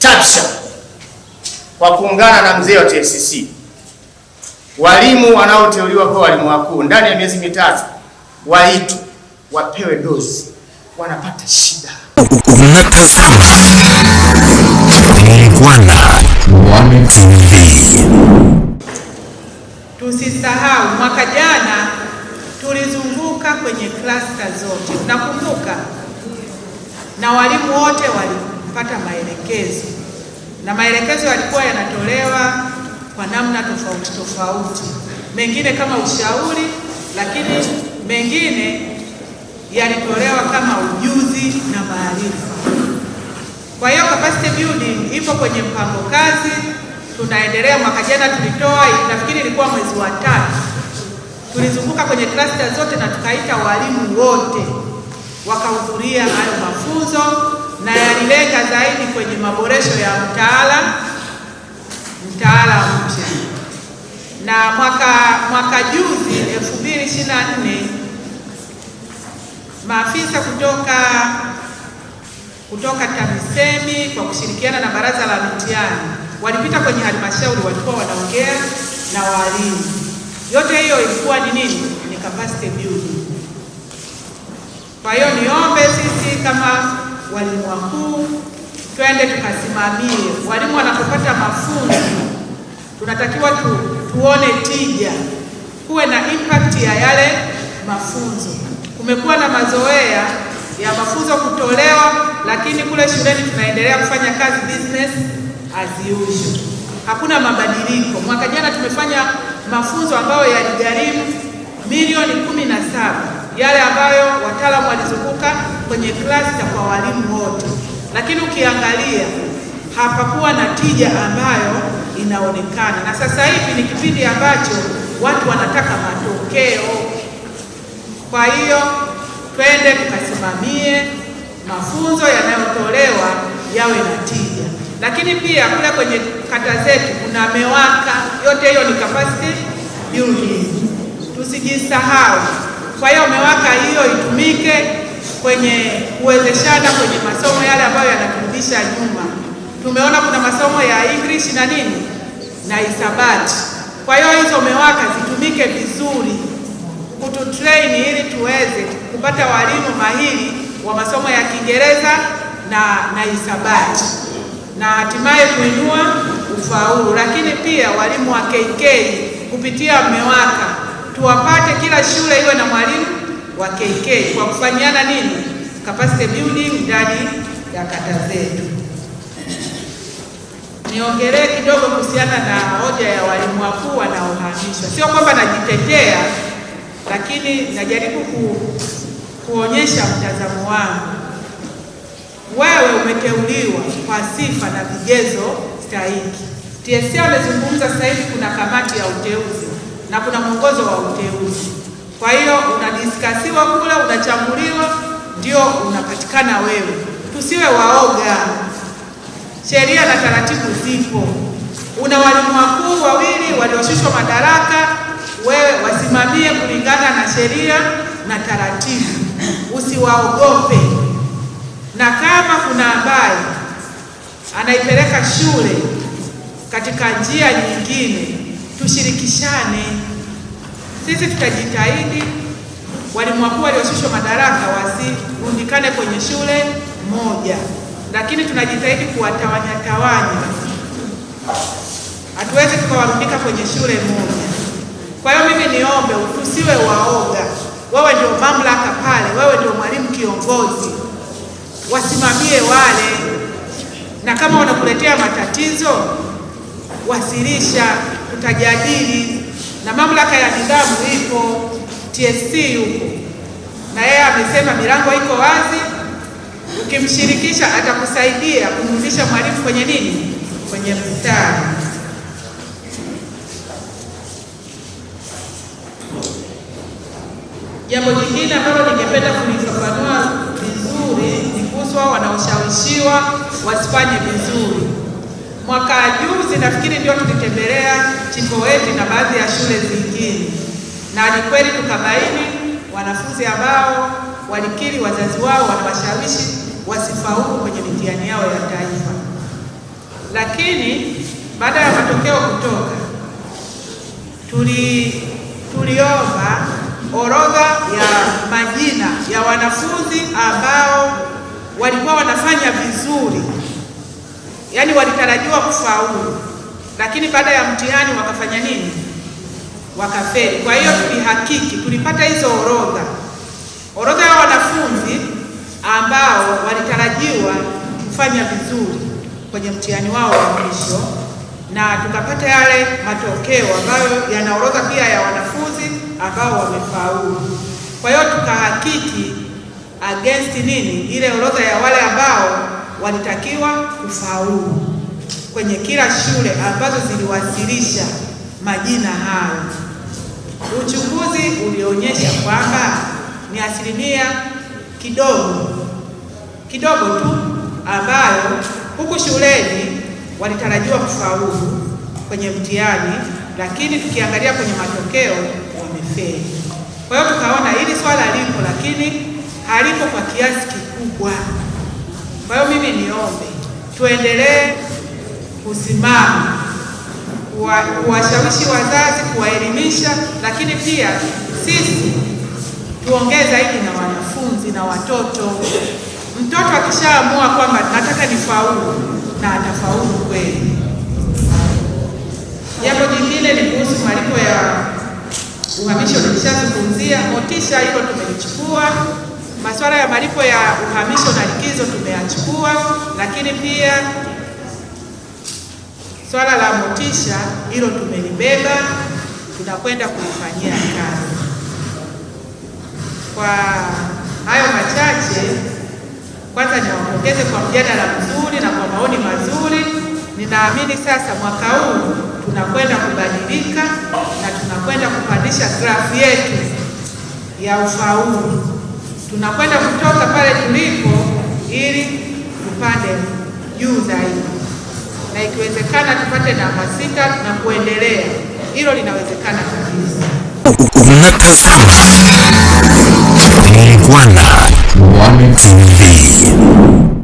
TAPSHA kwa kuungana na mzee wa TFCC, walimu wanaoteuliwa kwa walimu wakuu ndani ya miezi mitatu waitu wapewe dozi, wanapata shida. Tusisahau mwaka jana tulizunguka kwenye klasta zote, unakumbuka, na walimu wote wali kupata maelekezo, na maelekezo yalikuwa yanatolewa kwa namna tofauti tofauti, mengine kama ushauri, lakini mengine yalitolewa kama ujuzi na maarifa. Kwa hiyo capacity building ipo kwenye mpango kazi, tunaendelea. Mwaka jana tulitoa, nafikiri ilikuwa mwezi wa tatu, tulizunguka kwenye cluster zote na tukaita walimu wote wakahudhuria hayo mafunzo na yalilenga zaidi kwenye maboresho ya mtaala mtaala mpya, na mwaka mwaka juzi 2024 maafisa kutoka kutoka TAMISEMI kwa kushirikiana na baraza la mitihani walipita kwenye halmashauri, walikuwa wanaongea na walimu. Yote hiyo ilikuwa ni nini? Ni capacity building. Kwa hiyo niombe sisi kama walimu wakuu, twende tukasimamie. Walimu wanapopata mafunzo, tunatakiwa tu, tuone tija, kuwe na impact ya yale mafunzo. Kumekuwa na mazoea ya mafunzo kutolewa, lakini kule shuleni tunaendelea kufanya kazi business as usual, hakuna mabadiliko. Mwaka jana tumefanya mafunzo ambayo yaligharimu milioni kumi na saba yale ambayo wataalamu walizunguka kwenye klasi na kwa walimu wote, lakini ukiangalia hapakuwa na tija ambayo inaonekana. Na sasa hivi ni kipindi ambacho watu wanataka matokeo. Kwa hiyo twende tukasimamie mafunzo yanayotolewa yawe na tija, lakini pia kule kwenye kata zetu kuna MEWAKA, yote hiyo ni capacity building, tusijisahau. Kwa hiyo MEWAKA hiyo itumike kwenye kuwezeshana kwenye masomo yale ambayo yanaturudisha nyuma. Tumeona kuna masomo ya English na nini na hisabati. Kwa hiyo hizo mewaka zitumike vizuri kututrain ili tuweze kupata walimu mahiri wa masomo ya Kiingereza na na hisabati na hatimaye kuinua ufaulu. Lakini pia walimu wa KK kupitia mewaka tuwapate, kila shule iwe na mwalimu wa KK kwa kufanyana nini, capacity building ndani ya kata zetu. Niongelee kidogo kuhusiana na hoja ya walimu wakuu wanaohamishwa. Sio kwamba najitetea, lakini najaribu ku, kuonyesha mtazamo wangu. Wewe umeteuliwa kwa sifa na vigezo stahiki. TSC amezungumza sasa hivi kuna kamati ya uteuzi na kuna mwongozo wa uteuzi kwa hiyo unadiskasiwa kule, unachambuliwa, ndio unapatikana wewe. Tusiwe waoga, sheria na taratibu zipo. Una walimu wakuu wawili walioshushwa madaraka, wewe wasimamie kulingana na sheria na taratibu, usiwaogope. Na kama kuna ambaye anaipeleka shule katika njia nyingine, tushirikishane sisi tutajitahidi walimu wakuu walioshishwa madaraka wasirundikane kwenye shule moja, lakini tunajitahidi kuwatawanya tawanya. Hatuwezi tukawarundika kwenye shule moja. Kwa hiyo mimi niombe utusiwe waoga. Wewe ndio mamlaka pale, wewe ndio mwalimu kiongozi, wasimamie wale, na kama wanakuletea matatizo wasilisha, tutajadili na mamlaka ya nidhamu ipo, TSC yupo, na yeye amesema milango iko wazi, ukimshirikisha atakusaidia kumrudisha mwalimu kwenye nini, kwenye mstari. Jambo jingine ambalo ningependa kulifafanua vizuri ni kuhusu wanaoshawishiwa wasifanye Mwaka juzi nafikiri ndio tulitembelea chipoweti na baadhi ya shule zingine, na ni kweli tukabaini wanafunzi ambao walikiri wazazi wao wanawashawishi wasifaulu kwenye mitihani yao ya taifa, lakini baada ya matokeo kutoka tuli tuliomba orodha ya majina ya wanafunzi ambao walikuwa wanafanya vizuri yaani walitarajiwa kufaulu, lakini baada ya mtihani wakafanya nini? Wakafeli. Kwa hiyo tulihakiki, tulipata hizo orodha, orodha ya wanafunzi ambao walitarajiwa kufanya vizuri kwenye mtihani wao wa mwisho, na tukapata yale matokeo ambayo yana orodha pia ya wanafunzi ambao wamefaulu. Kwa hiyo tukahakiki against nini, ile orodha ya wale ambao walitakiwa kufaulu kwenye kila shule ambazo ziliwasilisha majina hayo. Uchunguzi ulionyesha kwamba ni asilimia kidogo kidogo tu ambayo huku shuleni walitarajiwa kufaulu kwenye mtihani, lakini tukiangalia kwenye matokeo wamefeli. Kwa hiyo tukaona hili swala lipo, lakini halipo kwa kiasi kikubwa. Kwa hiyo mimi niombe tuendelee kusimama kuwashawishi wazazi, kuwaelimisha, lakini pia sisi tuongee zaidi na wanafunzi na watoto. Mtoto akishaamua kwamba nataka nifaulu, na atafaulu kweli. Jambo jingine ni kuhusu malipo ya uhamisho, tulishazungumzia motisha, hilo tumelichukua Masuala ya malipo ya uhamisho na likizo tumeyachukua, lakini pia swala la motisha hilo tumelibeba, tunakwenda kulifanyia kazi. Kwa hayo machache, kwanza niwapongeze kwa mjadala mzuri na kwa maoni mazuri. Ninaamini sasa mwaka huu tunakwenda kubadilika na tunakwenda kupandisha grafu yetu ya ufaulu tunakwenda kutoka pale tulipo ili tupande juu zaidi, na ikiwezekana tupate namba sita na kuendelea. Hilo linawezekana kabisa. One TV.